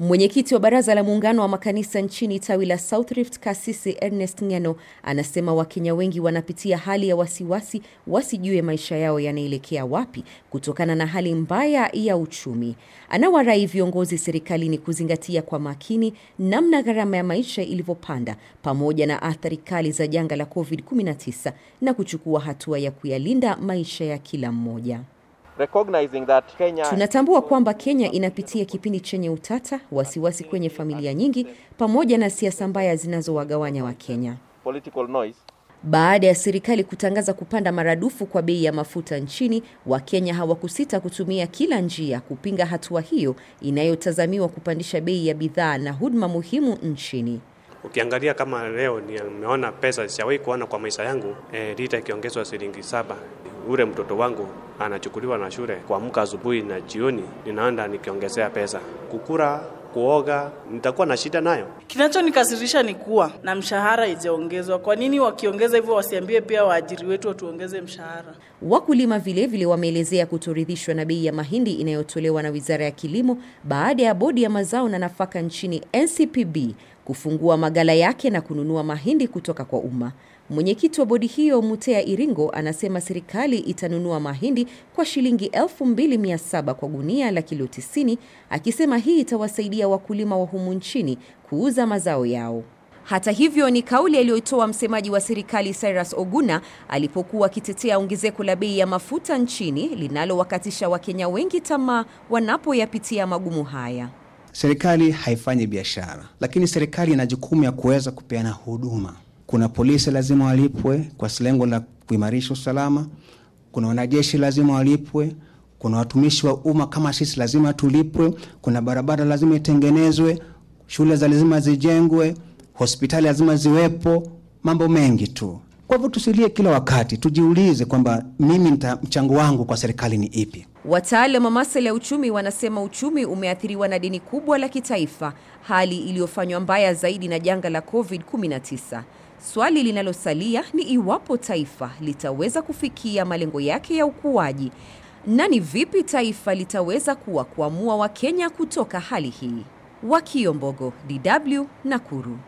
Mwenyekiti wa Baraza la Muungano wa Makanisa nchini tawi la South Rift, Kasisi Ernest Ngeno, anasema Wakenya wengi wanapitia hali ya wasiwasi, wasijue maisha yao yanaelekea wapi kutokana na hali mbaya ya uchumi. Anawarai viongozi serikalini kuzingatia kwa makini namna gharama ya maisha ilivyopanda pamoja na athari kali za janga la COVID-19 na kuchukua hatua ya kuyalinda maisha ya kila mmoja recognizing that Kenya... Tunatambua kwamba Kenya inapitia kipindi chenye utata, wasiwasi kwenye familia nyingi, pamoja na siasa mbaya zinazowagawanya Wakenya. Political noise baada ya serikali kutangaza kupanda maradufu kwa bei ya mafuta nchini, Wakenya hawakusita kutumia kila njia kupinga hatua hiyo inayotazamiwa kupandisha bei ya bidhaa na huduma muhimu nchini. Ukiangalia kama leo nimeona pesa sijawahi kuona kwa maisha yangu e, lita ikiongezwa shilingi saba ule mtoto wangu anachukuliwa na shule kuamka asubuhi na jioni, ninaenda nikiongezea pesa kukura kuoga nitakuwa na shida nayo. Kinachonikasirisha ni kuwa na mshahara ijaongezwa. Kwa nini wakiongeza hivyo wasiambie pia waajiri wetu watuongeze mshahara? Wakulima vilevile wameelezea kutoridhishwa na bei ya mahindi inayotolewa na Wizara ya Kilimo baada ya Bodi ya Mazao na Nafaka nchini NCPB kufungua magala yake na kununua mahindi kutoka kwa umma. Mwenyekiti wa bodi hiyo Mutea Iringo anasema serikali itanunua mahindi kwa shilingi 2700 kwa gunia la kilo 90, akisema hii itawasaidia wakulima wa humu nchini kuuza mazao yao. Hata hivyo ni kauli aliyoitoa msemaji wa serikali Cyrus Oguna alipokuwa akitetea ongezeko la bei ya mafuta nchini linalowakatisha Wakenya wengi tamaa wanapoyapitia magumu haya. Serikali haifanyi biashara, lakini serikali ina jukumu ya kuweza kupeana huduma. Kuna polisi lazima walipwe kwa lengo la kuimarisha usalama, kuna wanajeshi lazima walipwe, kuna watumishi wa umma kama sisi lazima tulipwe, kuna barabara lazima itengenezwe, shule za lazima zijengwe, hospitali lazima ziwepo, mambo mengi tu. Kwa hivyo tusilie kila wakati, tujiulize kwamba mimi nita mchango wangu kwa serikali ni ipi? Wataalam wa masuala ya uchumi wanasema uchumi umeathiriwa na deni kubwa la kitaifa, hali iliyofanywa mbaya zaidi na janga la COVID-19. Swali linalosalia ni iwapo taifa litaweza kufikia malengo yake ya ukuaji na ni vipi taifa litaweza kuwa kuamua Wakenya kutoka hali hii. Wakio Mbogo, DW, Nakuru.